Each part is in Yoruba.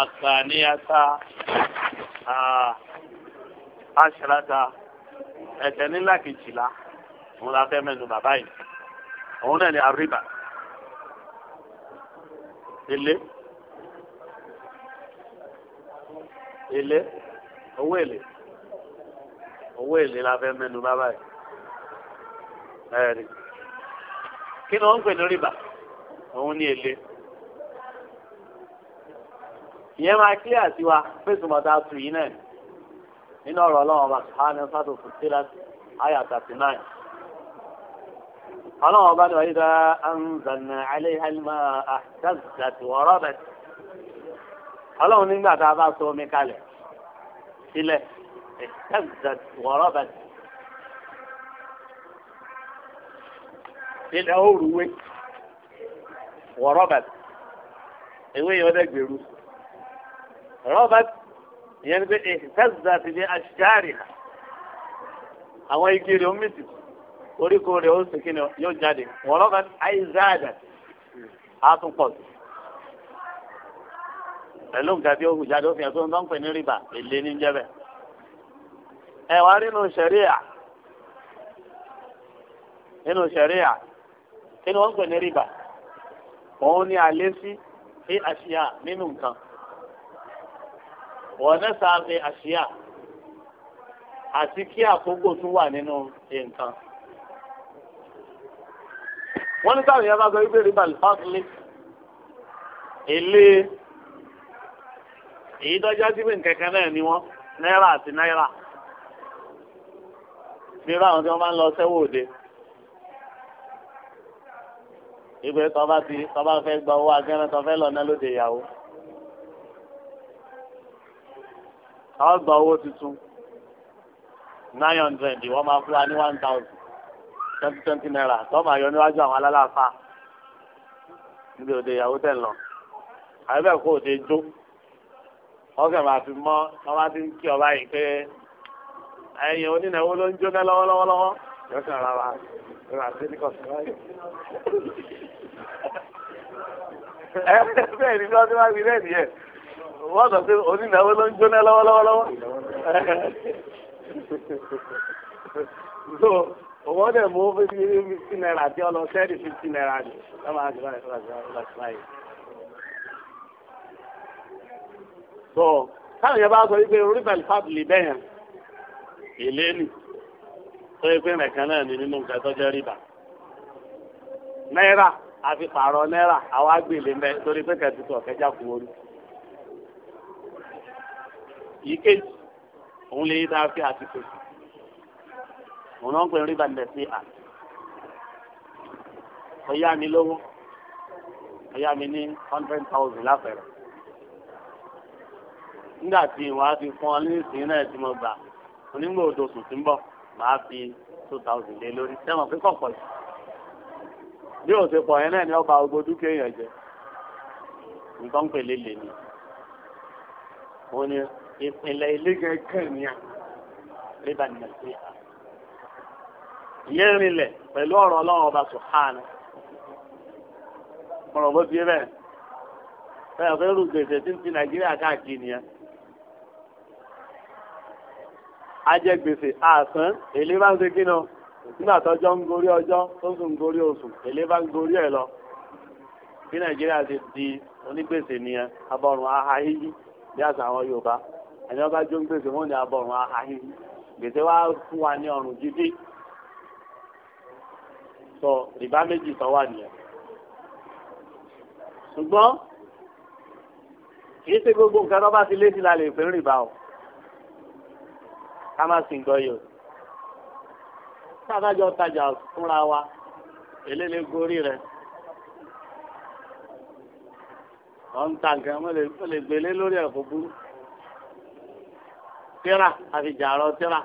àkàníyàtà àṣàlàtà ẹ̀tẹ̀ nílà kejìlá òun la fẹ́ mẹ́nu bàbá yìí òun náà ni àríbà ilé ilé owó èlé owó èlé la fẹ́ mẹ́nu bàbá yìí ẹ̀rí kí ni wọ́n ń pè ní rìbà òun ni èlé ìyẹn máa kílẹ̀ àti wa fèsì mọ̀tà tù yín náà nínú ọ̀rọ̀ ọlọ́run ọba sùhánù sátò fìtílà àyà tàtí náà. ọlọ́run ọba ni wàá yíra anzanna aléhàlmá àtàzàtì wọ́rọ́ bẹ̀. ọlọ́run nígbà tá a bá so omi kalẹ̀ sílẹ̀ àtàzàtì wọ́rọ́ bẹ̀. ilẹ̀ òrùwé wọ́rọ́ bẹ̀. ewé yẹn ó dẹ́gbẹ̀rú. robert ìyẹn ni pé a ti ní aṣáárì àwọn igi rẹ̀ ó mìtì oríko rẹ̀ ó sì kíni yóò jáde wọ́n rọ́bàt àìzáàdà á tún pọ̀ sí. pẹ̀lú nǹkan tí ó hù jáde ó fi hàn pè ní rìbà òun ni wọ́n náà sáfẹ́ àṣìyà àti kí àkókò tún wà nínú nǹkan. wọ́n ní káwọn yẹn bá sọ wípé rìbá lùfáàkìlì èlé èyí tọ́jú síbẹ̀ kẹ̀kẹ́ náà ni wọ́n náírà àti náírà bí báwọn tí wọ́n máa ń lọ sẹ́wọ́ òde ìgbẹ́ tọ́ba ti tọ́ba fẹ́ gba owó agẹ́rẹ́ tọ́ fẹ́ lọ ná lóde ìyàwó. àwọn gba owó tuntun nine hundred wọ́n máa fún wa ní one thousand twenty twenty naira tó máa yọ níwájú àwọn alálàáfà níbi òde ìyàwó tẹ̀ lọ àbẹ̀bẹ̀ kó òde jó wọ́n kẹ̀ máa fi mọ́ wọ́n bá ti ń kí ọba yìí pé ẹ̀yin onínàwó ló ń jóná lọ́wọ́lọ́wọ́ yọ sí ara wa yọ àti ní kọ̀ọ̀sì wáyé. ẹ bẹ́ẹ̀ ni bí wọ́n ti wá sí bẹ́ẹ̀ nìyẹn wọ́n sọ pé onínáwó ló ń jóná lọ́wọ́lọ́wọ́ so òwò dẹ̀ mú fifty naira tí ọlọ sẹ́ẹ̀dì fifty naira ni lọ́wọ́ àti báyìí lọ́wọ́ àti báyìí. so táwọn yẹn bá sọ wípé rivel fábìlì bẹ́ẹ̀ yẹn èlé nì tó yẹ pé nìkan náà ni nínú nǹkan tó jẹ́ rìbá náírà àfi pààrọ̀ náírà àwọn àgbèlè mẹ́ torí pé kẹ̀sìtì ọ̀kẹ́jà kú orí yìí kejì òun lè yí tá a fi àtìkò òun náà ń pè rí balẹ̀ sí à ọ̀yá mi lówó ọ̀yá mi ní hundred thousand láfẹ̀rẹ̀ nígbà tí wàá fi fún ọ ní ìsìn náà tí mo gbà onígbà òdòsùn tí ń bọ̀ màá fi two thousand lé lórí sẹ́wọ̀n pé kọ̀pọ̀ yìí bí o ṣe pọ̀ yẹn náà ni ọba ogbó dúkìá èèyàn jẹ nǹkan pèlè lè ní. wọ́n ní ìpìlẹ̀ ilé gẹ́gẹ́ ni à rírà ní ẹ̀sìn à. ìyẹn rinlẹ̀ pẹ̀lú ọ̀rọ̀ ọlọ́run ọba sùhánù ọ̀rọ̀ bó ti rẹ̀ bẹ́ẹ̀ fẹ́ rú gbèsè tí ń fi nàìjíríà káàkiri nìyẹn. ajẹ́ gbèsè àsán èlé bá ń ṣe kí nígbà tọ́jọ́ ń gorí ọjọ́ tó sùn ń gorí oṣù èlé bá ń gorí ẹ̀ lọ bí nàìjíríà ti di onígbèsè nìyẹn abọrùn aha bí àṣà àwọn yorùbá ẹni ọba jó ń gbèsè wọn ní abọrùn ahahi gbèsè wa fún wa ní ọrùn gidi sọ rìbá méjì sọ wà nìyẹn ṣùgbọ́n kìí ṣe gbogbo nǹkan tó bá ti lé sí la lè fẹ́ rìbá o ká má sì ń gbọ́ yìí o sábàjọ tajà fúnra wa èlé lè gorí rẹ ọ̀ ń ta nǹkan wọ́n lè gbélé lórí ẹ̀kọ́ burú tíra àfi jàrọ tíra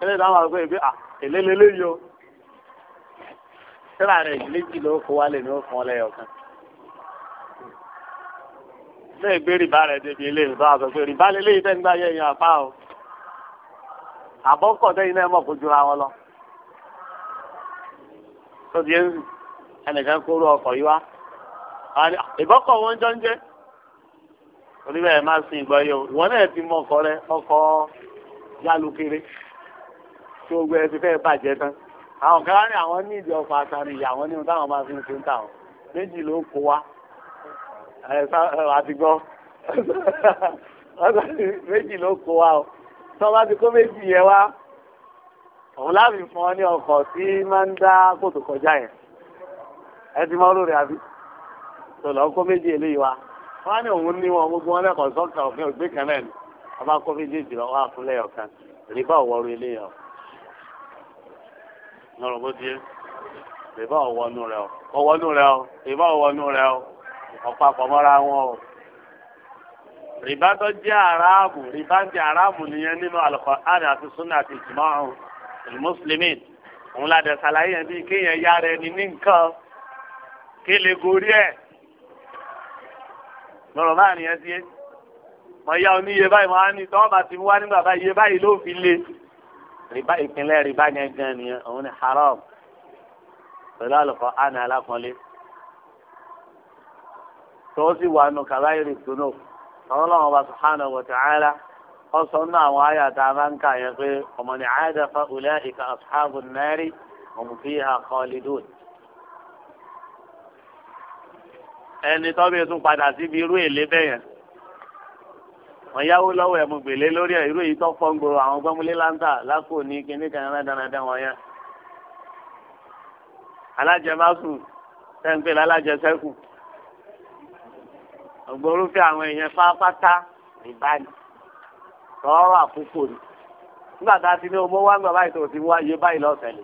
ẹlẹ́yìn náà wà pé ebi à èlélélé yìí o tíra rẹ̀ méjì ló kó wálé ní òfin ọlẹ́yọ̀ kan. lẹ́yìn gbé rìbá rẹ̀ débi eléyìí tó wà sọ pé rìbá lélẹ́yìí tẹ́ nígbà yẹn yẹn àpá o àbọ̀kọ̀ tẹ́yìn náà mọ̀ kó jura wọn lọ. tó di ẹnìkan kóró ọkọ̀ yìí wá ìbọ̀kọ̀ wọn jọ ń jẹ́ oníbẹ̀ ẹ̀ máa sin ìgbà yẹn ìwọ náà ti mọ ọkọ rẹ ọkọ yálùkéré tí gbogbo ẹ ti fẹ́ bàjẹ́ tán àwọn kan ní àwọn ní ìdí ọkọ̀ àtàrí ìyá àwọn ní ohun táwọn máa fi ń ṣe ń méjì ló kó wa àti gbọ́ méjì ló kó wa o tí bá ti kó méjì yẹn wá òun láàbì fún ọ ní ọkọ̀ tí máa ń dá kòtò kọjá yẹn ẹ ti mọ́ lórí àbí tòlọ́ kó méjì eléyìí wá wọ́n ní òun ní wọn gbogbo wọn lẹ́kọ̀ọ́ sọ́kà òfin ògbé kan náà ni wọ́n bá kó méjèèjì lọ́wọ́ àfúnlẹ̀ ọ̀kan rìbá ọ̀wọ́rú ilé yẹn o. bó di rìbá ọ̀wọ́nú rẹ o ọ̀wọ́nú rẹ o rìbá ọ̀wọ́nú rẹ o ọ̀pápọ̀ mọ́ra wọn o. rìbá tó jẹ́ aráàmù rìbá ti aráàmù nìyẹn nínú al àti sunna àti ijma'u al-muslimin òun ládẹ sàlàyé yẹn bíi kéèyàn yára ẹni ní nǹkan kéle gorí ẹ̀ lọ́rọ̀ bá nìyẹn sí é mọ ya oníye báyìí mọ àní tọ́wọ́ bá ti mú wá nígbà báyìí iye báyìí ló fi lé rìbá ìpínlẹ̀ rìbá yẹn gan nìyẹn òun ni haram pẹ̀lú àlùkò àná alákọ̀ọ́lé tó sì wà nù kàbáyìrì tùnú àwọn ọlọ́run ọba subhanahu wa ta'ala ọsọ nínú àwọn àyà tá a máa ń kà yẹn pé ọmọ ni àyà dàfa ulẹ́ ìka ashabu nari hum fiha khalidun ẹni tó bí tún padà síbi irú èlé bẹ́ẹ̀ yẹn wọ́n yáwó lọ́wọ́ ẹ̀ mo gbèlé lórí ẹ̀ irú èyí tó fọ́n gbòòrò àwọn gbọ́múlé láńtà lákò ní kíní kan rádaràdà wọn yẹn alájẹmásù tẹ́ǹpẹ́ lálájẹsẹ́kù ògbórúfẹ́ àwọn èèyàn pápátá ìbáni tọ́rọ̀ àkókò ni nígbà tá a ti ní owó wá ń gbà báyìí tó ti wá iye báyìí lọ́sẹ̀ lè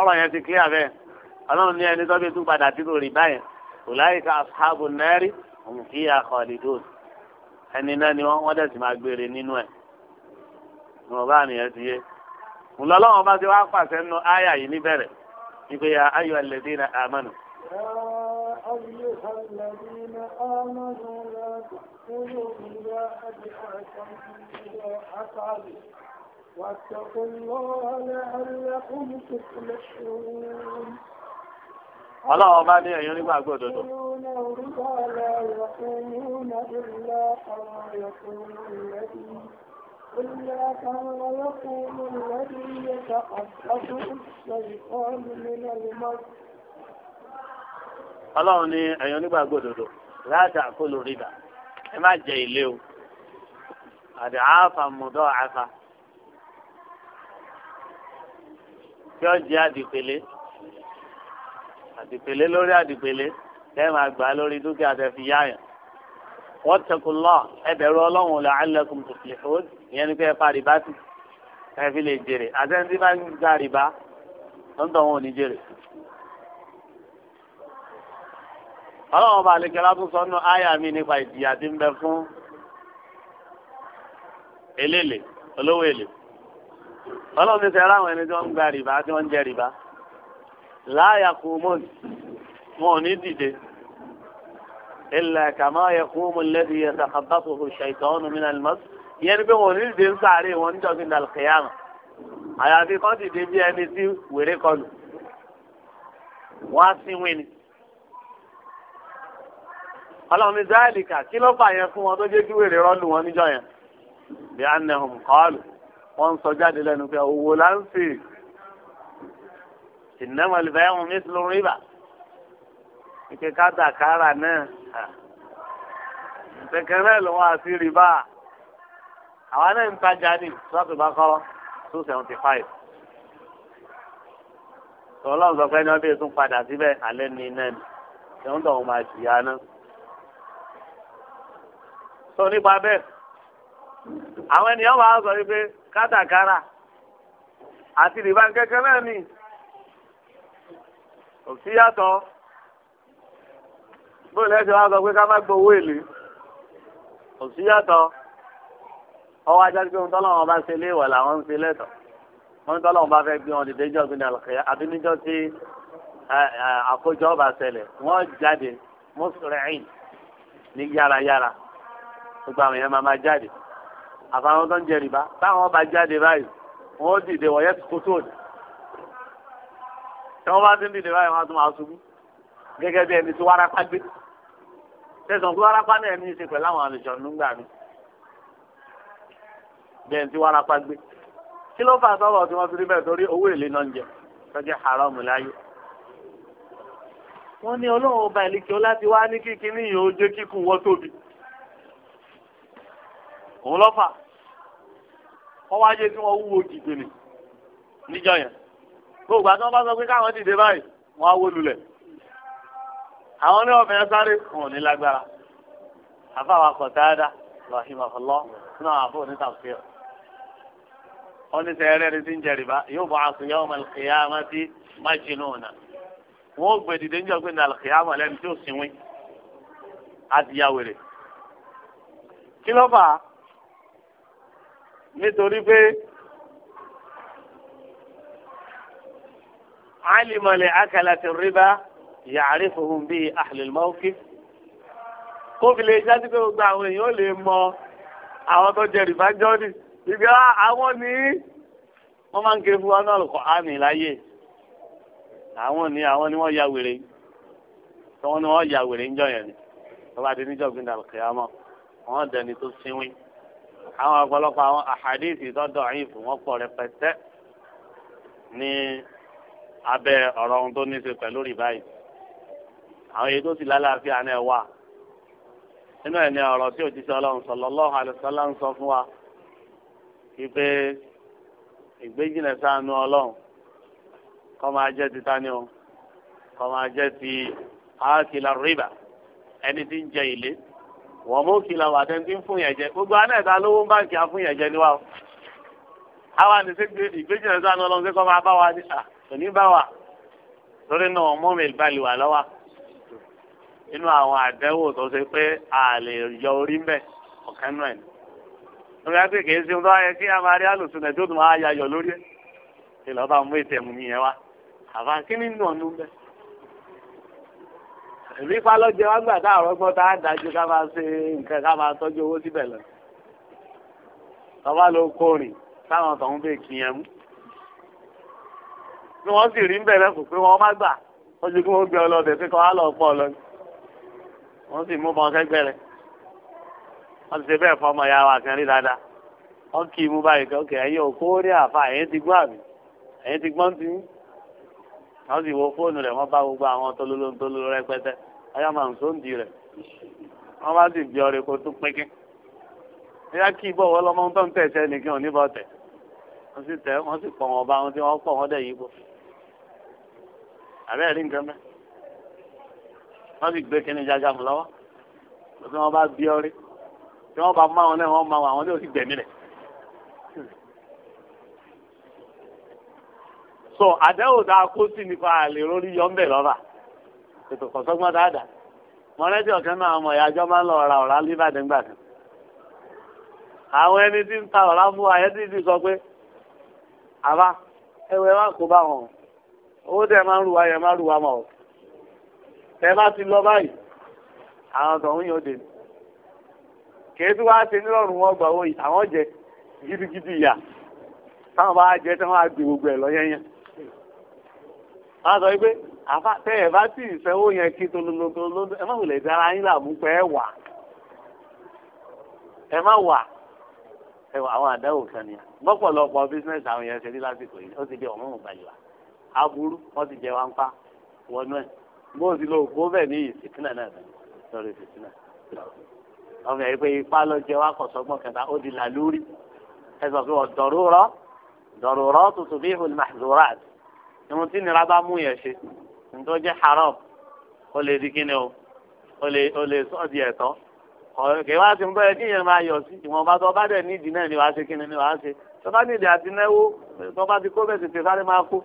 ọ̀rọ̀ yẹn ti kílíà bẹ́ẹ̀ ọlọ́run ní ẹni tó bí tún padà sínú rìbá yẹn ọ̀làyíká asáàbù náírì òun fi àkọọ̀lìdòd ẹni náà ni wọ́n dẹ̀ sì máa gbére nínú ẹ̀ ní wọ́n bá nìyẹn ti yé ńlọlọ́wọ́n bá ti wá pàṣẹ nínú áyà yìí níbẹ̀rẹ̀ wípé ya ayọ̀ ẹlẹ́dí na àmọ́nù. واتقوا الله لعلكم تفلحون ọlọ́run bá ní ẹ̀yin onígbàgbọ́ òdodo. قل لا يقول الذي يتخطف الشيطان من المرء ọlọ́run ní ẹ̀yin onígbàgbọ́ òdodo láti àkóló rìbá ẹ má jẹ ilé o àdé àáfà mọ̀dọ́ àáfà tí ó jẹ́ àdìpẹ̀lẹ́ àdìpèlé lórí àdìpèlé tẹ́ máa gbà lórí dúkìá tẹ́ fi yáyàn. wọ́n tẹkùn lọ ẹbẹ̀rù ọlọ́run là ń lẹ́kùn tó fi hó ìyẹn ni pé ẹ fa rìbá sí ẹ fi lè jèrè àtẹ́ntí bá ń gba rìbá lọ́ńtọ̀ wọn ò ní jèrè. ọlọ́run ọba àlekẹ́ látún sọ nínú àyà mi nípa ìdìyà tí ń bẹ fún eléèlè olówó èlè ọlọ́run ti sẹ́ra àwọn ẹni tí wọ́n ń gba rìbá tí wọ́n ń jẹ rìbá láàyà kú mọ́ni wọn ò ní dìde ilà kàmá yẹ kú mu lẹ́bi yẹ sàkàbàtò ṣàìtọ́nù mi nàlẹ́ mọ́tò ìyẹn ni pé wọn ò ní dìde ń sáré wọn níjọ́ fi nàlẹ́ kẹyàmù àyàfi kan dìde bí ẹni tí wèrè kọlù wọn á sin wíni ọlọ́run ní záìlìkà kí ló fà yẹn fún wọn tó jẹ́ kí wèrè rọ́ọ̀lù wọn níjọ́ yẹn bí anahum kọ́ọ̀lù wọn ń sọ jáde lẹ́nu pé owó là ìnáwó ìfẹ́ ọ̀hún ní sùlù rìbá ike kátàkárà náà kẹ̀kẹ́ náà ló wá sí rìbá àwa náà ń tajà ní sọ́ọ̀tù bá kọ́ two seventy five ọlọ́run sọ pé ní wọ́n bí tún padà síbẹ̀ alẹ́ ní iná ni ẹ̀hún tó máa jìyà náà. sọ nípa bẹ́ẹ̀ àwọn ènìyàn wàá sọ wípé kátàkárà àti rìbá kẹ̀kẹ́ náà ni kò sí yàtọ̀ bóyá lẹ́sẹ̀ wá sọ pé ká má gbowó èlé kò sí yàtọ̀ ọwọ́ ajá pé ohun tọ́lọ́wọ́n bá ṣe léèwọ̀ làwọn ń ṣe lẹ́tọ̀ wọ́n ní tọ́lọ́wọ́n bá fẹ́ gbé wọn dìde jọ́ gbé nàlùkẹ́ àbí níjọ́ tí àkójọ ọba ṣẹlẹ̀ wọ́n jáde mùsùlùmí ní yárayára gbogbo àwọn èèyàn máa ma jáde àfàwọn tó ń jẹ rìbá táwọn ọba jáde báyìí wọ́n dìde wọ̀nyẹ́ kótó òdì tí wọ́n bá ti ń dìde báyìí wọ́n á tún máa ṣubú gẹ́gẹ́ bí ẹni tí wárápá gbé tẹ̀sán tí wárápá náà ní í ṣe pẹ̀lú àwọn àlejò nígbà mi bí ẹni tí wárápá gbé kí ló fà sọ́wọ́ tí wọ́n ti rí bẹ́ẹ̀ torí owó èlé náà ń jẹ tọ́jú haram láyé wọ́n ní ọlọ́run ọba ìlíkẹ́ ọ láti wá ní kíkiní yìí ó kíkún wọ́n tóbi òun lọ́fà wọ́n wá jẹ́ wọ́n wúwo jìgbìnì níjọ́ yẹn gbogbo àti wọn bá sọ pé káwọn dìde báyìí wọn á wó lulẹ̀ àwọn ní ọ̀fẹ́ sáré wọn ò ní lágbára àfàwọn akọ̀tàdá rahimahullah nínú àwọn àfọ onítàfẹ́ ọ ní sẹ́yẹrẹ́ ní ti ń jẹrìbá yóò bọ̀ àṣù yawm al-qiyamati majnuna wọn ò gbé dìde ní al-qiyama lẹ́nu tí ó sinwin adìyàwèrè kí ló fà á nítorí pé. alimọ̀lẹ̀ akalati riba ya'rifuhum bíi ahlul mawqif kó fi lè jáde pé gbogbo àwọn èèyàn ò lè mọ àwọn tó jẹ rìbá jọ́ọ̀dì ìgbà àwọn ní wọ́n máa ń kiri fún wa náà lọ́kọ̀ àmì láyè àwọn ni àwọn ni wọ́n ya wèrè tọ́wọ́n ni wọ́n ya wèrè ń jọ yẹn ni tọ́ba di níjọ́ gbin dàlùkì àmọ́ wọ́n dẹni tó sinwin àwọn ọ̀pọ̀lọpọ̀ àwọn àhàdíìsì tọ́dọ̀ àyìnfù wọ́n pọ̀ rẹpẹtẹ ní abẹ́ ọ̀rọ̀ ohun tó ní í ṣe pẹ̀lú rìbá yìí àwọn èyí tó sì lálàáfíà náà wà nínú ẹ̀ ní tí òjíṣẹ́ ọlọ́run sallallahu alaihi wasallam ń sọ fún wa wípé ìgbéjìnà sáànù ọlọ́run kọ́ máa jẹ́ ti tani o kọ́ máa jẹ́ ti ákìlá rìbá ẹni tí ń jẹ ìlé wọ́n mú kìlá wà tẹ́ntì ń fún yẹn jẹ gbogbo anáà ta lówó ń báǹkì afún yẹn jẹ níwá o àwa ní sí ìgbéjìnà sáànù ọlọ́run sí kọ́ máa bá wa ní òní bá wà lórí náà mọ́mìlì balẹ̀ wà lọ́wọ́ inú àwọn àdẹ́wò tó ṣe pé a lè yọ orí mbẹ́ ọ̀kan náà ni. lórí àti kìí ṣe tó ayẹ kí a máa rí àlùsùn náà tí ó tún máa yayọ lórí ẹ̀ kí lọ́ọ́ bá mú ètè mú yẹn wá àbá kí ni nù ọ̀nù mbẹ́. èmi pa wá gbà tá àrọ́gbọ́n tá a dájú ká máa ṣe nǹkan ká máa tọ́jú owó síbẹ̀ lọ. tọ́ba ló kórìn táwọn tọ̀hún bè kì í yẹn mú bí wọ́n sì rí ń bẹ̀rẹ̀ kò pé wọ́n má gbà wọ́n ju kí wọ́n gbé ọlọ́dẹ pé kọ́ á lọ pọ̀ lọ ni wọ́n sì mú bọ́n kẹ́gbẹ́ rẹ̀ wọ́n ti ṣe bẹ́ẹ̀ fọmọ ìyá wa kan rí dáadáa wọ́n kì í mú báyìí kan kẹ́ ẹ̀yin òkú ó rí àfa ẹ̀yin ti gbọ́ àmì ẹ̀yin ti gbọ́n ti ń wọ́n sì wo fóònù rẹ̀ wọ́n bá gbogbo àwọn tolóló tolóló rẹpẹtẹ ọyá màá nso ń di bá sì bí ọrẹ kó tún pínpín ẹ̀yà kí ibọ̀ wọ́n lọ́mọ tó ń tẹ̀sẹ̀ nìkan ò ní bọ́ tẹ̀ wọ́n sì tẹ̀ wọ́n sì pọ̀ wọn bá wọn tí wọ́n pọ̀ wọn dẹ̀ yípo àbẹ́ rí nǹkan mẹ́ wọ́n sì gbé kínní jájá fún lọ́wọ́ tí wọ́n bá bí ọ rí tí wọ́n bá mú àwọn náà wọ́n máa wọ àwọn náà sì gbẹ̀mí rẹ̀. so àdéhùn tá a kó sí nípa àlè lórí yọ̀ǹbẹ̀ lọ́ba ètò kọ̀sọ́gbọ́n dáadáa mọ̀lẹ́dì ọ̀kẹ́ náà ọmọ ìyájọ́ máa ń lọ ra ọ̀rá líbàdàn gbà kan àwọn ẹni tí ń ta ọ̀rá fún wa ẹ̀ ti sọ pé àbá ẹwẹ́ wa kó bá wọn owó tẹ máa ń ruwa yẹn máa ń ruwa mọ o tẹ bá ti lọ báyìí àwọn tọ̀hún yóò dé kèé tí wàá ṣe nírọ̀rùn wọn gbà wọ́n yìí àwọn jẹ gidigidi ìyà táwọn bá jẹ tí wọ́n á gbé gbogbo ẹ̀ lọ yẹ́nyẹ́ wọ́n sọ pé tẹ ẹ bá tì í sanwó yẹn kí tolótoló ẹ má wulẹ̀ dára yín làmú pé ẹ wà ẹ má wà ẹ wà àwọn àdáwò kan nìyà gbọ́pọ̀lọpọ̀ bísíǹnẹ̀sì àwọn yẹn ṣe rí lásìkò yìí ó ti di ọ̀mọ́mù báyìí wa aburú wọn ti jẹ wọn pa wọnú ẹ bó ti lọ òkú bẹ́ẹ̀ ní ìsìnkínà náà bẹ́ẹ̀ sọ̀rọ̀ ìsìnkínà ọmọ yẹn pé ipá lọ jẹ wá kọsọgbọn kẹta ó di làlúrí ẹ sọ pé wọn dọrọrọ dọrọrọ tuntun bí ìhùn mahzurat ìhun tí nira bá mú yẹn ṣe nítorí jẹ haram ó lè di kíni o ó lè ó lè sọ di ẹ̀tọ́ kìí wá sí ń bẹ́ẹ̀ kíyẹn máa yọ̀ sí ìwọ̀nba tó bá dẹ̀ nídìí náà ni wàá ṣe kíni ni wàá ṣe tó bá nídìí àti náwó tó bá ti kó bẹ́ẹ̀ tètè sáré máa kó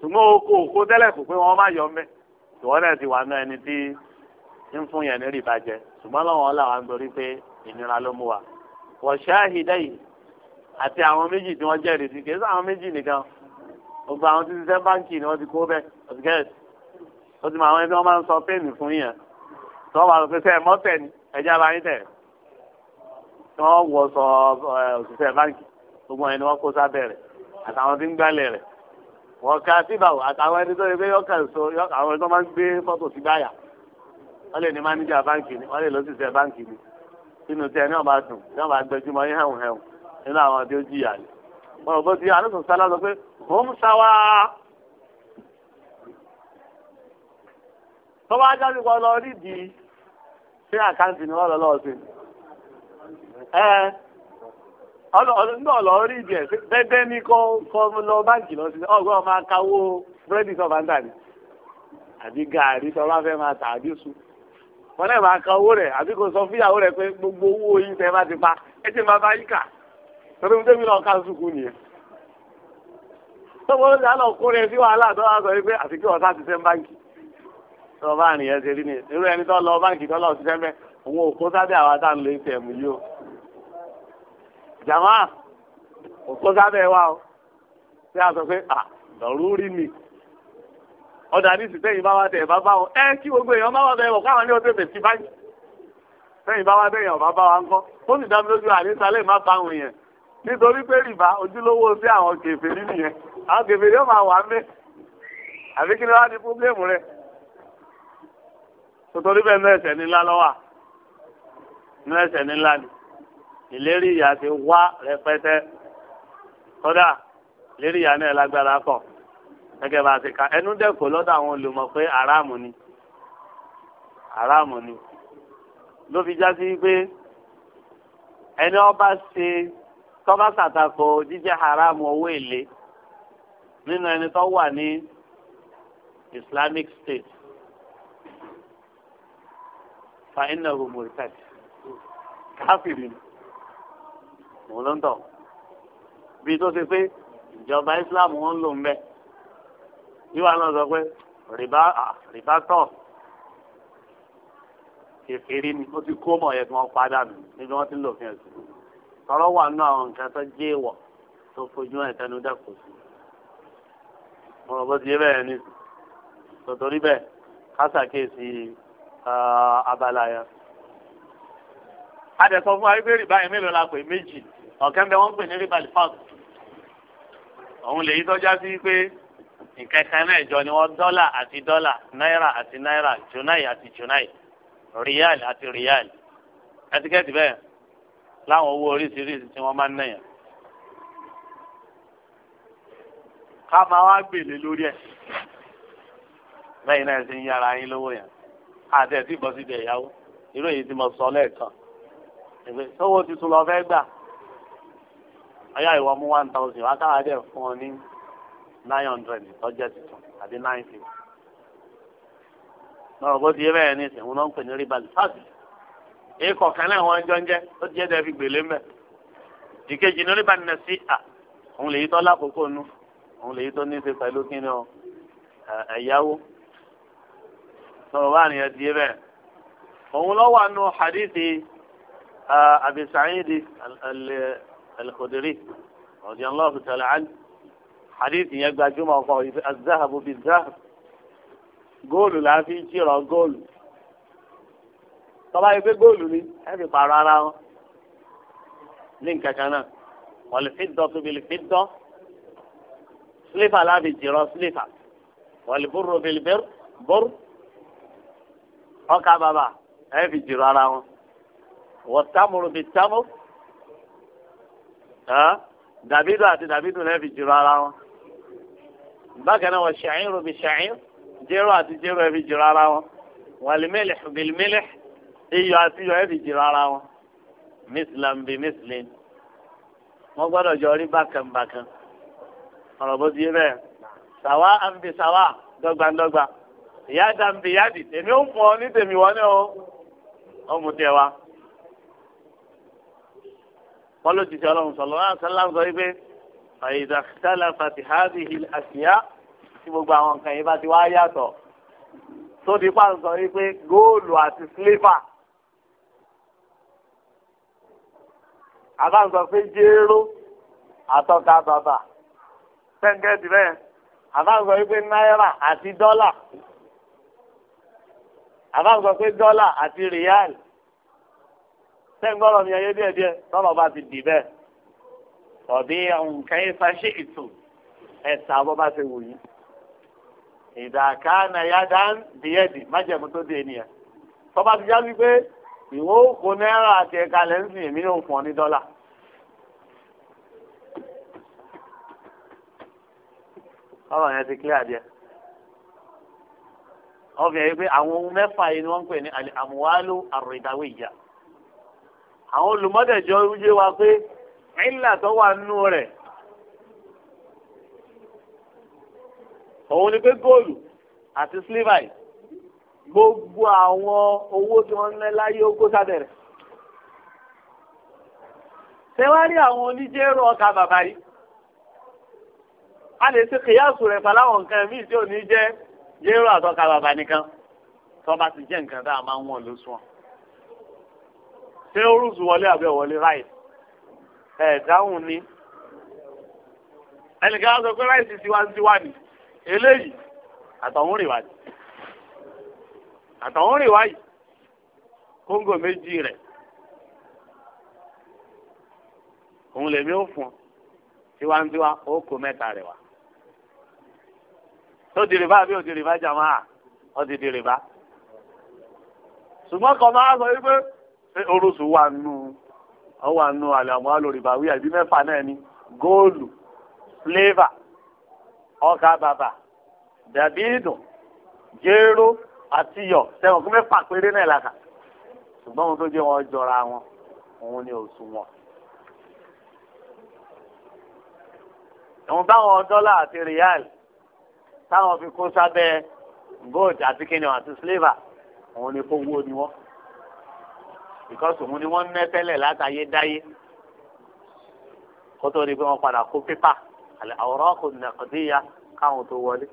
ṣùgbọ́n oko òkú tẹ́lẹ̀ kò pé wọ́n má yọ mẹ́ ìwọ́n náà ti wà náà ẹni tí ń fún yẹn ní rìbá ṣùgbọ́n lọ́wọ́n là wà ń torí pé ìnira ló mú wa. wọ́n ṣáàhìdá yìí àti àwọn méjì tí wọ́n jẹ́rìí sí kìí sáwọn méjì nìkan gbogbo àwọn tí ṣiṣẹ́ báńkì ni wọ́n ti kó bẹ́ẹ̀ ọ̀sìkẹ́ẹ̀sì ó ti mọ àwọn ẹni tí wọ́n máa ń sọ péènì fún yẹn tí wọ́n máa lọ pé mọ́tẹ̀ ni ẹ̀jẹ̀ abáyín tẹ̀ tí wọ́n wọ sọ òṣìṣẹ́ báńkì gbogbo ẹni wọ́n kó sábẹ́ rẹ̀ àtàwọn tí ń gbálẹ̀ rẹ̀ wọ́n ká síbàwò àtàwọn ẹni tó yẹ pé yọkà èso àwọn ẹni tó máa ń gbé fọ́tò sí báyà wọ́n lè ní máníjà báǹkì ni wọ́n lè lọ sísẹ báǹkì ni inú tẹ ní ọba dùn ní ọba gbẹjúmọ yín hẹ̀wùn hẹ̀wùn nínú àwọn tí ó jìyà ni. wọn ò bó ti sálá sọ pé òun tó bá jáde lọ náà lọ rí ìdí lọ báǹkì lọ sí ọgbọ́n máa káwó búrẹ́dì tó bá ń àbí gàárì tó bá máa tà owó rẹ sọ pé gbogbo owó yìí bá ti pa ẹ ti máa bá kà torí mo débi náà ká sùkú nìyẹn lọ kó rẹ sí wàhálà pé àti kí bá rìn rí irú ẹni lọ lọ sí òun ò kó jàmá òkú sábẹ́ wa o ṣé a sọ pé à lọ́rùúrí mi ọ̀dà ní sì sẹ́yìn bá wá tẹ̀ bá bá wọn ẹ kí gbogbo èèyàn bá wà bẹ́ẹ̀ wọ̀ káwọn ní ọdún tẹ̀sí báyìí sẹ́yìn bá wá bẹ́yàn ọ̀bá bá wa ń kọ́ ó sì dá mi lójú àdésálẹ̀ má bá wọn yẹn nítorí pé rìbá ojúlówó sí àwọn kèfèrí nìyẹn àwọn kèfèrí yóò máa wà ń bẹ́ẹ̀ àbí kí ni wàá di pọ́blẹ́mù rẹ̀ sotori bẹ́ẹ̀ ní ẹsẹ̀ nílá lọ́wọ́ ní ẹsẹ̀ nílá ni ìlérí ìyá ti wá rẹpẹtẹ kódà ìlérí ìyá náà lágbára pọ̀ gẹ́gẹ́ bá a ti ka ẹnu dẹkọ lọ́dọ̀ àwọn olùmọ̀ pé aráàmù ni aráàmù ni ló fi já sí pé ẹni ọba ṣe tọ́ba ṣàtakò jíjẹ́ aráàmù owó èlé nínú ẹni tó wà ní Islamic State fa iná rumor tẹ̀sí káfíìrì òun ló ń tọ̀ bí tó ṣe pé ìjọba Islam wọn ń lò ń bẹ yíwá náà sọ pé rìbá rìbá tọ̀ kékeré ni ó ti kó mọ̀ yẹ kí wọ́n padà nù níbi wọ́n ti ń lò fi ẹ̀sìn tọrọ wà nù àwọn nǹkan tó jẹ́ ìwọ̀ tó fojú ẹ̀ tẹnu dẹ́kun sí mo rò bó ti yé bẹ́ẹ̀ ni tòtòrí bẹ́ẹ̀ kásàkéèsì abala yẹn. a dẹ̀ sọ fún wa wípé rìbá yẹn mélòó la pè méjì ọ̀kẹ́ bẹ wọ́n ń pè ní ribal park òun lèyí tọ́já sí pé nǹkan kan náà jọ ni wọ́n dọ́là àti dọ́là náírà àti náírà junai àti junai rial àti rial ẹtikẹ́tì bẹ́ẹ̀ láwọn owó oríṣiríṣi tí wọ́n máa ń nàyàn. ká máa wá gbèlè lórí ẹ̀ bẹ́ẹ̀ náà ṣe ń yára yín lówó yẹn àti ẹ̀ tí bọ́ síbi ẹ̀yáwó irú èyí tí mo sọ lẹ́ẹ̀kan ìgbésówó tuntun lọ fẹ́ gbà ọyá ìwọ mú one thousand wá káwá dẹ̀ fún ọ ní nine hundred tọ́jẹ́ tuntun àbí nine fifty. lọ́rọ̀ bó ti yé bẹ́ẹ̀ ní ìsìn wọn ń pè ní ribali fásitì. èèkọ̀ kan náà wọ́n jọ ń jẹ́ ó ti yé dẹ́ fi gbèlé mbẹ́. ìkejì ní ribali nà sí à òun lè yí tọ́ lákòókò nu òun lè yí tó ní í ṣe pẹ̀lú kí ni ọ ẹ̀yáwó. lọ́rọ̀ bá nìyẹn ti yé bẹ́ẹ̀. òun lọ́wọ́ àánú hadithi Abi الخدري رضي الله تعالى عنه حديث يقع جمعة قوي الذهب بالذهب góòlù là á fi jìrọ̀ góòlù tọ́ba yìí pé góòlù ni ẹ fi pààrọ̀ ara wọn ní nǹkan kan náà wọ́n lè fi dọ́ tóbi lè fi dọ́ sílífà láàbì jìrọ̀ sílífà wọ́n lè búrò bèlè bẹ́rù bọ́rù ọkà bàbà ẹ fi jìrọ̀ ara wọn wọ́n támúrò bíi támúrò dàbídù àti dàbídù náà fi jìrọ ara wọn bákan náà wọ ṣàyìn ròbì ṣàyìn jérò àti jérò ẹ fi jìrọ ara wọn wàlímẹlẹ bìlímẹlẹ iyọ̀ àti iyọ̀ ẹ fi jìrọ ara wọn mísìlám bíi mísìlín wọn gbọ́dọ̀ jọ rí bákan bákan ọ̀rọ̀ bó ti yé bẹ́ẹ̀ sàwa àǹbì sàwa dọ́gbandọ́gba ìyá dàǹbì yá dì tèmi ó fọ ní tèmi wọn ní ó mú tiẹ̀ wá wọn ló ti sọ ọlọ́run sọ lọ́wọ́ àṣálà ń sọ wípé àìdàkítàlà fàtìhádì àṣìyá tí gbogbo àwọn nǹkan yìí bá ti wá yàtọ̀ tó di pa ń sọ wípé góòlù àti sílífà àbá ń sọ pé jéró àtọ́ka bàbà sẹ́ńgẹ́tì bẹ́ẹ̀ àbá ń sọ wípé náírà àti dọ́là àbá pé dọ́là àti rìálì sẹ́ńgbọ́rọ̀ mi ayé díẹ̀ díẹ̀ tọ́lọ̀ bá ti dì bẹ́ẹ̀ tọ̀bí nǹkan ifá ṣe ètò ẹ̀sà bọ́ bá ti wù yín ìdàká nàyàdá díẹ̀dì májẹ̀mú tó dé nìyẹn tọ́ba ti já wípé ìwọ òkò náírà àti ẹ̀ka lẹ́ńsìn èmi yóò fún ọ ní dọ́là. ọ̀rọ̀ yẹn ti clear díẹ̀ ọ̀bẹ̀ yìí pé àwọn ohun mẹ́fà yìí ni wọ́n ń pè ní àmúwálò àròyìndáwé àwọn olùmọ́dẹ̀jọ́ wíjẹ́ wa pé ìlà tó wà nínú rẹ̀ òun ni pé góòlù àti slivai gbogbo àwọn owó tí wọ́n ń lẹ́ láyé ó kó sábẹ̀rẹ̀. tẹ́wárí àwọn oníjẹ́rọ ọkà bàbá yìí a lè ṣe kìyàsù rẹ̀ fàláwọn nǹkan míì tí ò ní jẹ́ jẹ́rọ àtọkà bàbá nìkan tó bá ti jẹ́ nǹkan tá a máa ń wọ̀n lóṣùwọ̀n ṣé orúsù wọlé àbẹ wọlé ráì ẹ dáhùn ni ẹnìkan á sọ pé ráì ti tiwa ń tiwa ni eléyìí àtọ̀hún rìn wá ni àtọ̀hún rìn wá yìí kóńgò méjì rẹ̀ òun lèmi ó fún ọ tiwantiwa ó kó mẹ́ta rẹ̀ wá tó di rìbá àbí òdi rìbá jàmáà ó ti di rìbá ṣùgbọ́n kọ́ máa sọ wípé orúsù wà nù ọ wà nù àlàmọ́ àlòrìbáwí àbí mẹ́fà náà ni góòlù fúlẹ́fà ọkà bàbà dàbí ìdùn jéró àti yọ sẹ́wọ̀n kí mẹ́fà péré náà làkà ṣùgbọ́n ohun tó jẹ́ wọn jọra wọn òun ni òṣùwọ̀n. ìwọ̀n báwọn dọ́là àti rìal táwọn fi kó sábẹ́ gold àti kenya àti silver òun ni kó wó ni wọ́n because òun ni wọ́n ń ná tẹ́lẹ̀ látàyé dáyé kótó ni pé wọ́n padà kó pépà àwòrán kò nàkọ́díyà káwọn tó wọlé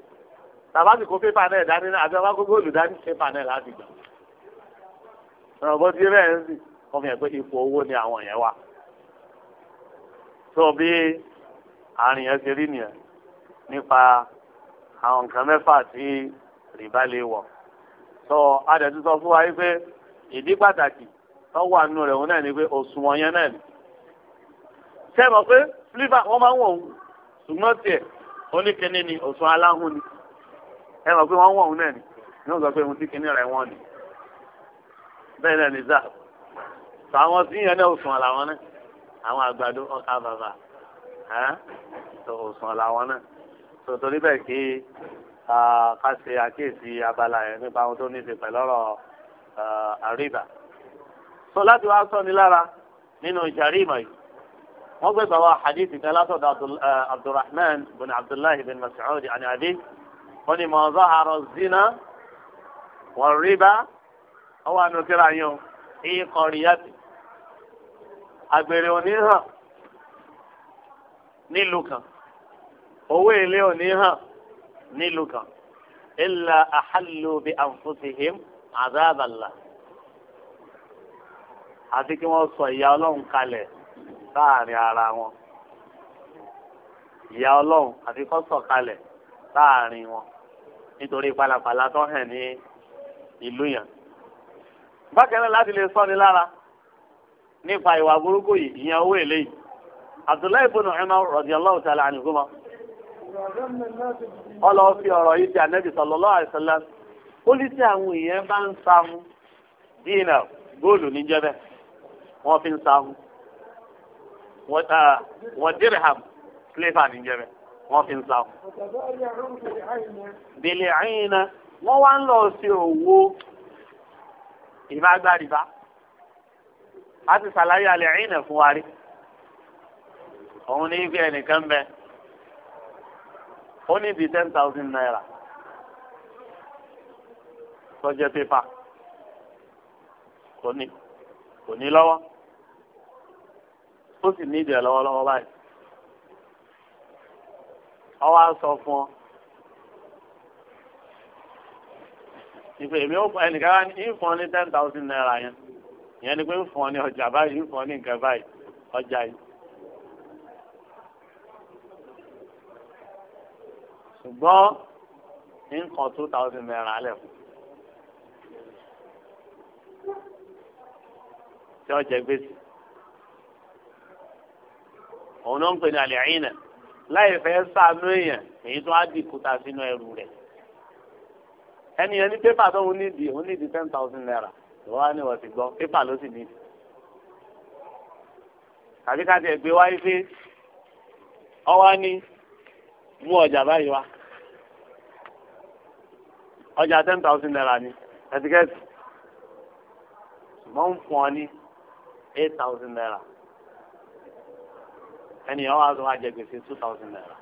tàbá sì kó pépà náà dání náà àbí abákó góòlù dání pépà náà láti gbà ọ̀rọ̀ bó ti rẹ̀ ń sì wọ́n fi hàn pé ipò owó ni àwọn yẹn wà tó bí àárín yẹn ti rí nìyẹn nípa àwọn nǹkan mẹ́fà tí rìbá lè wọ̀ tó adẹ̀tú fún wa wípé ìdí pàtàkì tó wà nù rẹ̀ wọn náà ni pé òṣùwọ̀n yẹn náà ni. ṣé mọ̀ pé flavour wọ́n máa ń wọ̀ òun ṣùgbọ́n tiẹ̀ oníkíní ni òṣùwọ̀n aláhùn ni ẹ mọ̀ pé wọ́n wọ̀ òun náà ni ní wọ́n sọ pé ohun tí kíní rẹ̀ wọ́n ni. bẹ́ẹ̀ náà ni zá àwọn tí yẹn náà òṣùwọ̀n làwọn náà àwọn àgbàdo ọkà bàbà òṣùwọ̀n làwọn náà tòtòrí bẹ́ẹ̀ kí ká ṣe àkíyèsí abala yẹn nípa ohun tó ní sọ láti wá sọ ni lára nínú ìjàrí ìmọ̀ yìí wọ́n gbé bàbá hadithi kan látọ̀dọ̀ abdulrahman eh, bin abdullahi bin mas'ud ani abi wọ́n ní mọ̀ọ́zọ́ àrọ̀ zina wọ́n rí bá ọwọ́ àánú kíra yín o èyí kan rí yàtì àgbèrè òní hàn nílùú kan owó èlé òní hàn nílùú kan illa ahallu bi anfusihim azabala àti kí wọ́n sọ ìyá ọlọ́run kalẹ̀ láàrin ara wọn ìyá ọlọ́run àti kọ́ sọ kalẹ̀ láàrin wọn nítorí palapàla tó hàn ní ìlú yẹn bákan náà láti lè sọ́ni lára nípa ìwà burúkú yìí ìyẹn owó èlé yìí Abdullahi ibn Umar radiyallahu ta'ala anhuma ọlọ́wọ́ fi ọ̀rọ̀ yìí ti ànábì sallallahu alaihi wasallam ó ní àwọn èèyàn bá ń sa mu dínà góòlù níjẹ́ bẹ́ẹ̀ wọ́n fi ń sáhùn wọ́n dirham sílẹ̀fà níjẹ́ bẹ́ẹ̀ wọ́n fi ń sáhùn. bèlè àyìnà wọ́n wá ń lọ sí òwò ìmágbárìbá a ti ṣàlàyé àlẹ́ àyìnà fún wa rí òun ní ibi ẹnìkan bẹ́ẹ̀ ó ní bíi ten thousand naira sọjẹ pépà kò ní kò ní lọ́wọ́. ó sì ní ìdíyẹ lọ́wọ́lọ́wọ́ báyìí ọwọ́ sọ fún ọ. ìpè èmi ó ẹnìkan wá ní ní ten thousand naira yẹn ìyẹn ni pé ìfọn ní ọjà báyìí ìfọn ní nǹkan báyìí ọjà yìí. ṣùgbọ́n nǹkan two thousand naira lẹ̀ òun náà ń pè ní àlẹ́ àyìnà láì fẹ́ sànú èèyàn èyí tó á di kúta sínú ẹrù rẹ̀ ẹni yẹn ní pépà tó ń nídìí òun nídìí ten thousand naira ìwọ wa ni wọ́n ti gbọ́ pépà ló sì nídìí àbí ká tiẹ̀ gbé wáyé pé ọwá ní mú ọjà báyìí wá ọjà ten thousand naira ni ẹtikẹ́tì wọ́n ń fún ọ ní eight thousand naira ẹni yẹn wá sọ wá jẹ gbèsè two thousand naira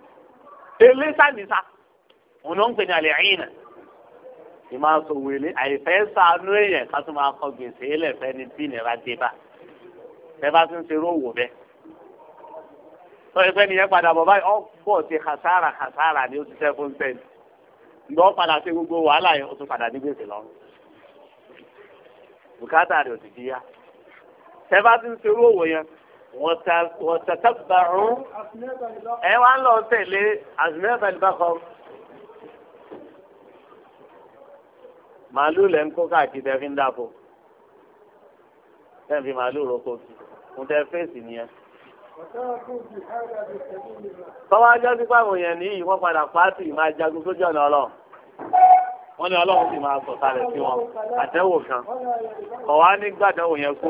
èlé sàmìsà òun ló ń pè ní àlẹ́ ẹ̀yìn náà ìmọ̀ aṣọ wèlé àìfẹ́ sànú èèyàn ká tó máa kọ gbèsè ẹlẹ́fẹ́ ní bí nira dé bá ẹ bá tún ṣe rówó bẹ́ẹ̀ tó ẹgbẹ́ nìyẹn padà bọ̀ báyìí ọ̀pọ̀ ti hasara hasara ni ó ti ṣe fún sẹ́ẹ̀dì ǹgbọ́ padà sí gbogbo wàhálà yẹn ó tún padà ní gbèsè lọ́rùn bùkátà rẹ̀ ò di yá ẹ bá tún ṣe rówó yẹn wọ́tàtàbàrún ẹ wá ń lọ tẹ̀lé àzùmẹ́fà ìbákọ́ màálù lẹ́ ń kó káàkiri tẹ́ fi ń dàpọ̀ tẹ́ fi màálù roko kí mo tẹ́ fèsì nìyẹn. tọ́wọ́ ajá sí pàwọn yẹn ní ìwọ́n padà pàtì máa jagun sójú ọ̀nà ọlọ́run wọ́n ní ọlọ́run sì máa sọ̀kalẹ̀ sí wọn àtẹ̀wò kan kọ̀ wá nígbàdánwò yẹn kú.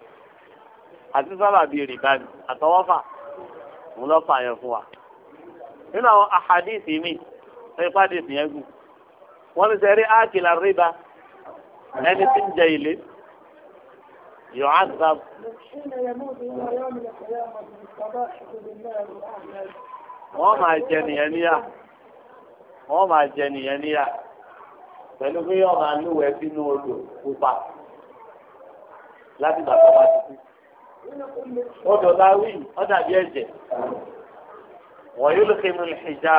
àti sábà bíi rìbá ni àtọwọ́fà òun lọ́ fà yẹn fún wa. nínú àwọn àhàdìsì mi ṣe fàdìsì yẹn gùn wọ́n ní sẹ́rí ákìlà rìbá ẹni tí ń jẹ ilé yóò á sá. wọ́n máa jẹ nìyẹn níyà wọ́n máa jẹ nìyẹn níyà pẹ̀lú pé yóò máa lúwẹ̀ẹ́ sínú odò pupa láti bàtà bá ti kú. odò la wí ọdà bí ẹ̀jẹ̀ wọ́n yóò lè kéwìn ìjà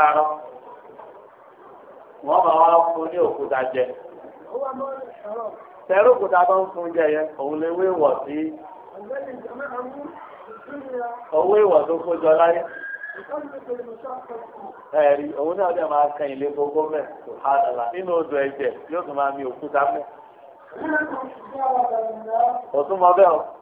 fún ní òkúta jẹ tẹ̀rù òkúta tó ń fún jẹ yẹn òun lè wé wọ̀ sí tó kójọ láyé òun náà gbogbo nínú odò yóò tún máa mi òkúta òtún mọ bẹ́ẹ̀ o.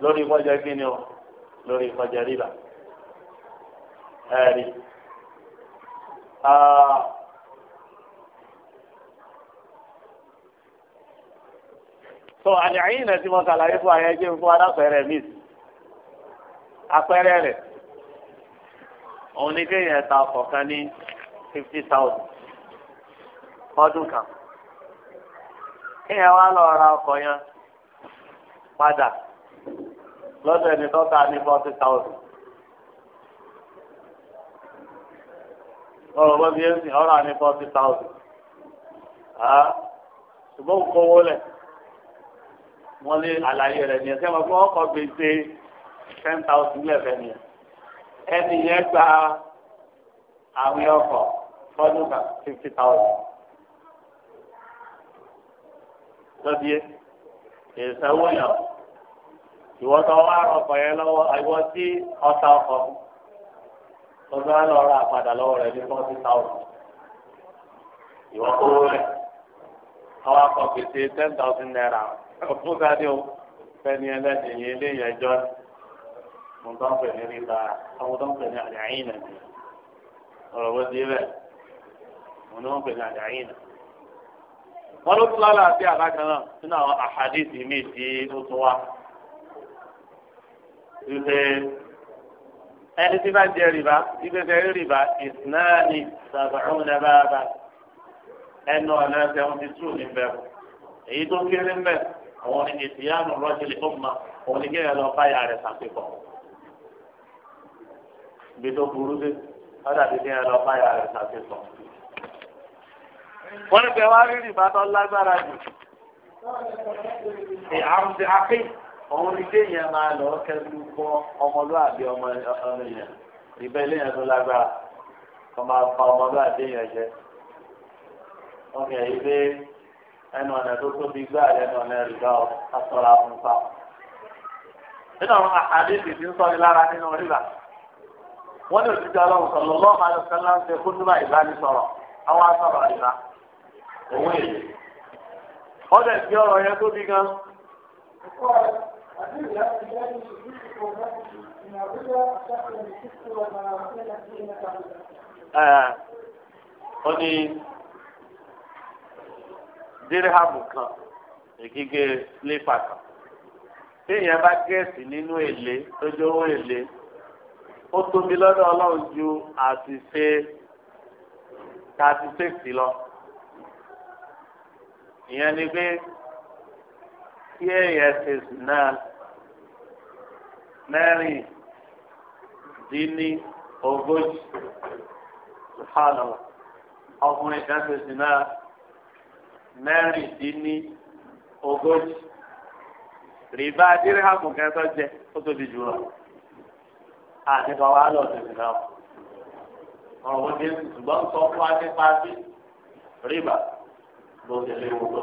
lórí ìkọjá kíni o lórí ìkọjá rírà ẹ̀rí. so àdìyàn náà tí mo ṣàlàyé fún àyẹ̀ jẹ́ fún alápẹ̀rẹ̀ mi àpẹẹrẹ rẹ̀ òun ni kéèyàn ta ọkọ̀ kan ní fifty thousand ọdún kan kéèyàn wá lọ ra ọkọ̀ yẹn padà lọ́dọ̀ ẹni tó ta ní forty thousand. ọ̀rọ̀ bọ́ bí ẹ̀sìn ọ̀rọ̀ àní forty thousand. ṣùgbọ́n kówó lẹ̀ wọ́n lé àlàyé rẹ̀ ní ẹ̀sẹ̀ wọn fún ọkọ̀ gbèsè ten thousand lẹ́fẹ̀ẹ́ ni ẹni yẹn gba àwọn ọkọ̀ fọ́dún kan fifty thousand. lọ́dí ẹ̀ ìsanwó yàn ìwọ tó wá ọkọ̀ yẹn lọ́wọ́ ìwọ tí ọta ọkọ̀ mu tọ́jú á lọ ra àpàdà lọ́wọ́ rẹ̀ ní fọ́ọ̀tì táwọn ìwọ kó rẹ̀ àwọn akọ̀ gbèsè ten thousand naira fún sáré o fẹ́ni ẹlẹ́dìn yẹn léyìn ẹjọ́ mo tán pè ní ríta àwọn tó ń pè ní àdáyìn nà ní ọ̀rọ̀ bó ti rẹ̀ mo ní wọ́n pè ní àdáyìn nà wọ́n ló tún lọ́la sí àbá náà nínú àwọn àhàdìsí mi tí ó tún wá ìfẹ́ ẹni tí bá jẹ rìbá ibi fẹ́ rìbá ìsìnáàlì sàbàrún ní bàbá ẹnu ọ̀nà seventy two ní bẹ́ẹ̀ èyí tó kéré ń bẹ̀ àwọn ní ìsìyánu rọ́jìlì tó ma òun ní kéèyàn lọ báyà rẹ̀ sàpépọ̀ ibi tó burú dé ọ̀dà bí kéèyàn lọ báyà rẹ̀ sàpépọ̀. wọ́n ní pé wá rí rìbá tó lágbára jù. ìhàmùsí akéyì òun ni kéèyàn máa lọ kẹlu bọ ọmọlúwàbí ọmọ èèyàn ìbẹ́ eléyàn tó lágbára kọ́ máa pa ọmọlúwàbí èèyàn jẹ. wọ́n kẹ́ yí pé ẹnu ọ̀nà tó tóbi gbá ẹnu ọ̀nà rìbá ọ asọ̀rọ̀ àfúnfà. nínú àwọn àdéhùn ti ń sọ ní lára nínú rìbá wọ́n ní òtítọ́ ọlọ́run sọ̀rọ̀ lọ́wọ́ máa lọ sẹ́lá ń ṣe fún nígbà ìbánisọ̀rọ̀ àwọn asọ̀rọ̀ rìbá òun èyí. ọ̀dẹ̀ ti ọ̀rọ̀ yẹn tóbi gan أدل على ذلك الشرك والرد من الرضا الشخص بالشرك وما كان فيه آه. oni dírìhàmù kan ègígé lífà kan téèyàn bá gẹ̀ẹ́sì nínú èlé lójú owó èlé ó tóbi lọ́dọ̀ ọlọ́run ju àtìsé thirty six lọ ìyẹn ni pé kí èèyàn ṣe sùn náà mẹ́rin dín ní ogójì ṣùgbọ́n ọkùnrin kan ṣe sì náà mẹ́rin dín ní ogójì rìbá dírẹ́hàmù kẹtọ́ jẹ ó tóbi jù lọ àti bàbá lọ sí sì náà ọ̀rọ̀ wọn dé ṣùgbọ́n sọ fún wa nípa sí rìbá ló ṣe léwu tó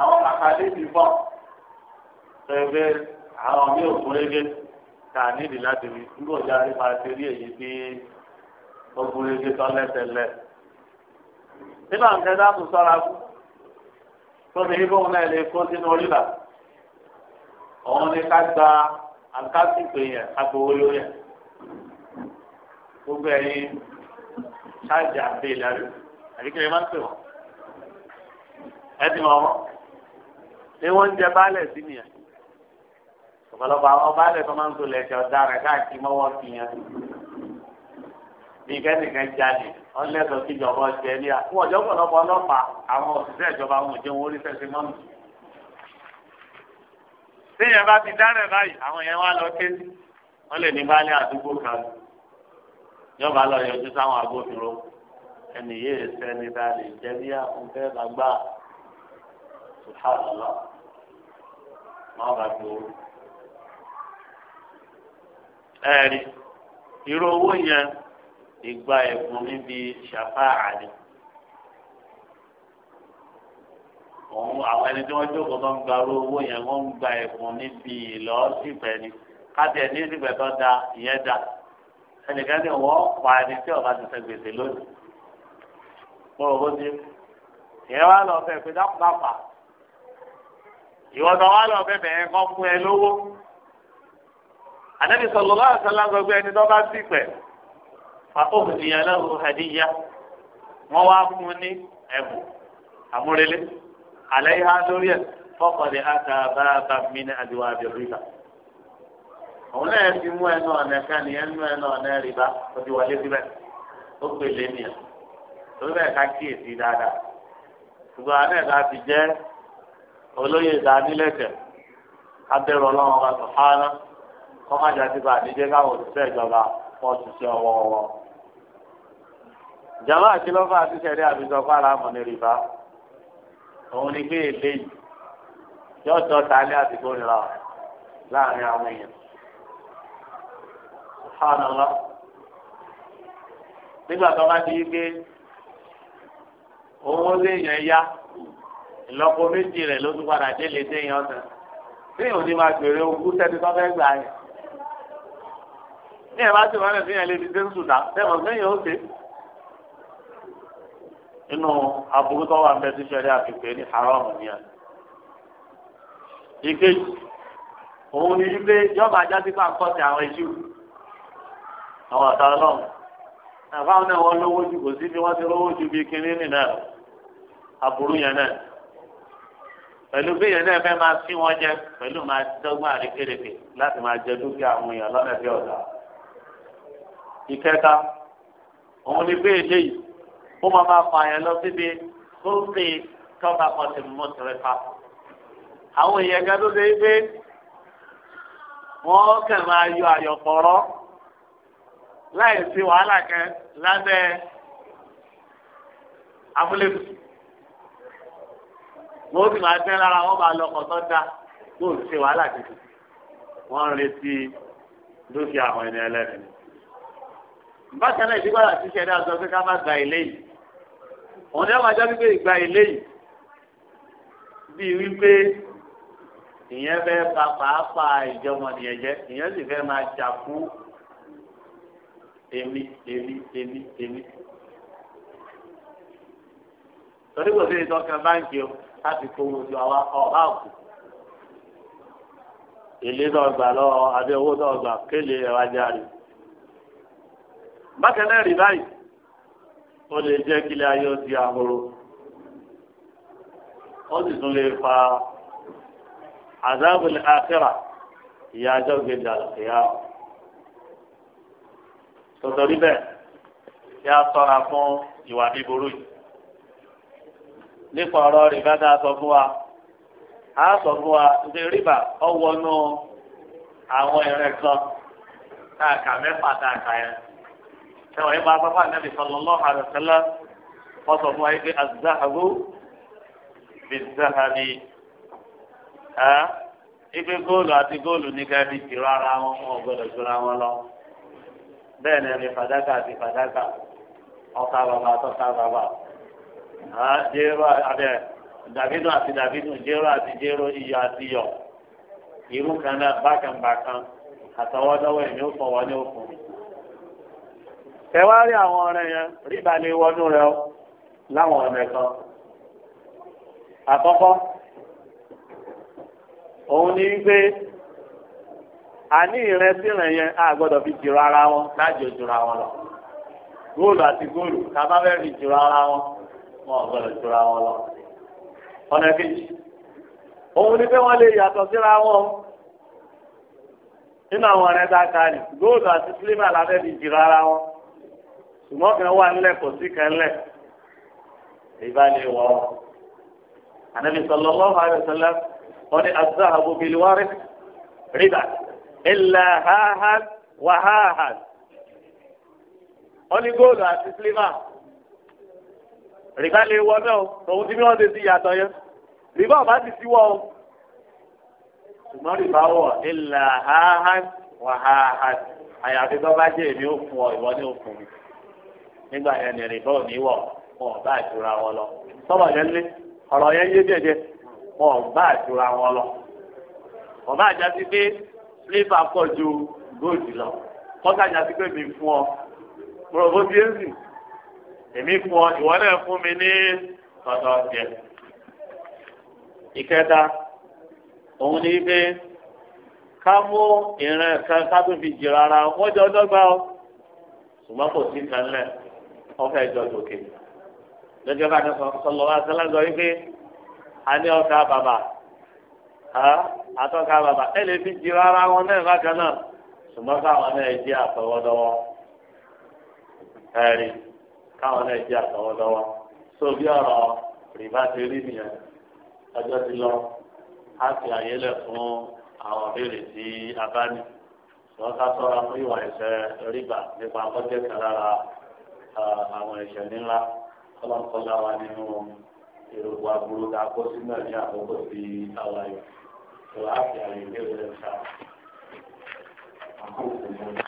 àwọn àkàdé ti bọ̀ ṣẹ̀fẹ̀ àwọn mi ò kún régé tá a nídìí láti rí nígbà ọjà nípa ti rí èyí tí ó kún régé tán lẹ́sẹ̀lẹ̀. nígbà nǹkan dáàbò sọ́ra fún tóbi ibò náà lè kó sínú orílà òun ni ká gba àkásìpè yẹn agbowó lórí ẹ̀ gbogbo ẹ̀yin ṣáàjì àti ìlàrí àdìgbẹ́ máa ń pè wọ́n ẹ ti mọ̀ wọ́n ṣé wọ́n ń jẹ baálẹ̀ sí nìyẹn ọ̀pọ̀lọpọ̀ àwọn ọba alẹ́ tó máa ń tó lẹ́sẹ̀ ọ̀daràn káàkiri mọ́wọ́ fi yẹn bí kẹ́nìkan jalè ọlẹ́sọ̀ kí ìjọba ọ̀sẹ̀ ní à fún ọjọ́ ọ̀pọ̀lọpọ̀ ọlọ́pàá àwọn òṣìṣẹ́ ìjọba wọn ò jẹun orí fẹsẹ̀ mọ́nù. téèyàn bá ti dárẹ̀ báyìí àwọn yẹn wá lọ ké wọ́n lè ní baálé àdúgbò kan yọba lọ yọjú sáwọn agbófinró ẹnì yéé sẹ́ni tá a lè jẹ́ bí àkùnfẹ́ bàgbà subhanallah máa bàgbó ẹ̀rí irú owó yẹn ìgbà ẹ̀bùn níbi ṣàfáà ni. òun àwọn ẹni tí wọ́n jókòó tó ń gba irú owó yẹn wọ́n ń gba ẹ̀bùn níbi ìlọ́sìfẹ́ ni káti ẹ̀ ní ìsìfẹ́ tó da ìyẹn da ẹnìkan ní wọ́n pa ẹni tí ọba ti sẹ gbèsè lónìí. mo rò ó ti ìyẹn wá lọ fẹ́ pé dákúndàpà ìwọ́n tó wá lọ fẹ́ bẹ̀rẹ̀ kọ́ fún ẹ lówó anabi sọlọlá àṣàlá gbogbo ẹni tó bá sì pẹ fa òmìnira lọhùn hadiya wọn wá fún ní ẹbùn àmúrelé àlẹ́ ihá lórí ẹ̀ fọ́kànlẹ̀ àtà bàbá mi ní àdìwà àbẹ̀rìbà. òun náà ti mú ẹnu ọ̀nà kan ní ẹnu ẹnu ọ̀nà rìbá ó ti wọlé síbẹ̀ ó pè lé nìyẹn torí bẹ́ẹ̀ ká kíyèsí dáadáa. ṣùgbọ́n àná ẹ̀dá ti jẹ́ olóyè ìdánilẹ́kẹ̀ẹ́ abẹ́rọ̀ ọlọ́run ọba sọ̀hánà kọ́májà ti bá àdíjẹ́ káwọn òṣìṣẹ́ ìjọba wọ́n ṣiṣẹ́ ọwọ́ wọn. ìjàmbá àkìlọ́fà àti sẹ̀rí àbíjọ fara mọ̀ ní rìbá òun ni pé èlé yìí yóò tọ́ ta ní àdìgbò nira láàrin àwọn èèyàn. Subhanallah. nígbà tó bá di pé owó léèyàn yá ìlọ́po méjì rẹ̀ ló tún padà délé téèyàn tán téèyàn ò ní máa gbèrè ogún sẹ́ni tó fẹ́ gbà yẹn ní ẹ̀ bá ti wọ́n lẹ̀ fi hàn lé ní sẹ́ńsù dá tẹ́wọ̀n sẹ́yìn ó ṣe. inú aburú tó wà ń bẹ sí sẹ́rí àfipé ní haram ni ẹ̀. ìkejì òun ni wípé yọba ajá sí pa nǹkan ti àwọn iṣu àwọn ọ̀tá ọlọ́run àfáwọn náà wọ́n lówó ju kò sí bí wọ́n ti lówó ju bí kinní nìyẹn aburú yẹn náà pẹ̀lú bí yẹn náà fẹ́ máa sí wọn jẹ pẹ̀lú máa dọ́gbọ́n àrékèrèké láti máa jẹ dúkìá àwọn èèyàn lọ́nà bí ọ̀dà ìkẹta òun ni pé eléyìí ó máa máa fa àyàn lọ síbi tó ń pè tọ́ka kan ti mú tẹ̀rẹ̀ pa. àwọn èèyàn kan tó ṣe é pé wọ́n kàn máa yọ àyọ̀pọ̀rọ́ láì sí wàhálà kan lábẹ́ abúlé wọ́n sì máa tẹ́ lára wọ́n máa lọ kọ̀tọ́ da wọ́n sì ṣe wàhálà kìkì wọ́n ń retí dúkìá àwọn ẹni ẹlẹ́rìí bákan náà ìdígbà àti ìṣẹ̀dá àti ọ̀sẹ̀ ká má gba eléyìí òun ni wọ́n máa jẹ́ wípé ìgbà eléyìí bíi wípé ìyẹn fẹ́ pa pàápàá ìjọmọ̀nìyàn jẹ́ ìyẹn sì fẹ́ máa jà fún èmi èmi èmi èmi torí kò sí ìtọ́kàn báńkì o láti kówó ju àwa ọ̀há òkú èlé náà gbà lọ́wọ́ àbí owó náà gbà kéle ẹ̀wájà rẹ̀ bákan náà rí báyìí ó lè jẹ́ kílẹ̀ ayé ó di ahoro ó sì tún lè fa azabul akhira ìyá ajọ́ gbèdé àlùkìyà tòtòrí bẹ́ẹ̀ kí a sọra fún ìwà bíburú yìí nípa ọ̀rọ̀ rìbá tá a sọ fún wa a sọ fún wa ṣe rìbá ọwọ́nú àwọn ẹ̀rẹ́ kan tá mẹ́fà tá yẹn sẹ́wọ̀n yìí máa pápá nàbì sallallahu alaihi wasallam wọ́n sọ fún wa yìí pé az-zahabu biz-zahabi ẹ́ ipe góòlù àti góòlù ní ká fi jìrọ ara wọn wọn gbọ́dọ̀ jìrọ wọn lọ bẹ́ẹ̀ ni ẹni fàdákà àti fàdákà ọ̀tá bàbá àtọ́ta bàbá jẹ́rọ abẹ dàbínú àti dàbínú jẹ́rọ àti jẹ́rọ iyọ̀ àti iyọ̀ irú kan náà bákan bákan àtọwọ́dọ́wọ́ ẹ̀mí ó fọwọ́ ní òfin mi ẹ wá rí àwọn ọ̀rẹ́ yẹn rí balẹ̀ wọnú rẹ o láwọn ọ̀rẹ́ kan àkọ́kọ́ òun ni wípé àní ìrẹsì rẹ yẹn a gbọ́dọ̀ fi jìrọ ara wọn láàjò jùra wọn lọ góòlù àti góòlù tá a bá fẹ́ fi jìrọ ara wọn wọn ò gbọ́dọ̀ jùra wọn lọ ọ̀nà kejì òun ni pé wọ́n lè yàtọ̀ síra wọn nínú àwọn ọ̀rẹ́ tá a kà ní góòlù àti sílímà la fẹ́ fi jìrọ ara wọn ṣùgbọ́n kan wà nílẹ̀ kò sí kan lẹ̀ ìbálẹ̀ wọ̀ ọ́. ànábi sallallahu alaihi wasallam wọn ni az-zahabu bil-warith rìbá illa háhàn wà háhàn. wọn ní góòlù àti sílímà rìbá lè wọ náà tòun tí wọn ti ti yàtọ̀ yẹn rìbá ọba ti ti wọ o ṣùgbọ́n rìbá wọ̀ illa háhàn wà háhàn àyàfi tó bá èmi ó fún ọ ìwọ ni ó fún mi nígbà yẹn ní rìbá òní wọn bá àjùra wọn lọ sọ́bọ̀ yẹn lé ọ̀rọ̀ yẹn yé jẹ́jẹ́ wọn bá àjùra wọn lọ wọn bá àjà sí pé sílífà pọ̀ ju góòdì lọ kọ́sàjà sí pé mi fún ọ pòròbótíyèsì èmi fún ọ ìwọ náà fún mi ní tọ̀tọ̀ jẹ ìkẹta òun ni pé ká mú ìrìn kan ká tó fi jìrọ ara wọn jọ dọ́gba ọ ṣùgbọ́n kò sí kan lẹ́ẹ̀ ọfẹ ẹjọ lókè lọ́jọ́ bá dẹkọ sọlọ wa sọlá gbọ́ wípé a ní ọkà bàbà àtọkà bàbà ẹ lè fi jí rárá wọn náà bákan náà ṣùgbọ́n káwọn náà jí àtọwọ́dọ́wọ́ ẹ̀rí káwọn náà jí àtọwọ́dọ́wọ́ so bí ọ̀rọ̀ rìbá ti rí nìyẹn ọjọ́ ti lọ á fi àyè lẹ̀ fún àwọn ìbéèrè tí a bá ní wọ́n ká sọ́ra fún ìwà ẹ̀ṣẹ̀ rìbá nípa akọ́jẹ́ kan lára àwọn ìṣẹ̀lẹ̀ ńlá ọlọ́nkọ́lá wa nínú èrògbà burú tá a kó sínú ẹ̀ ní àkókò sí àwa yìí. Ìwà àti àyè ìbéèrè rẹ̀ Àkókò mọ́.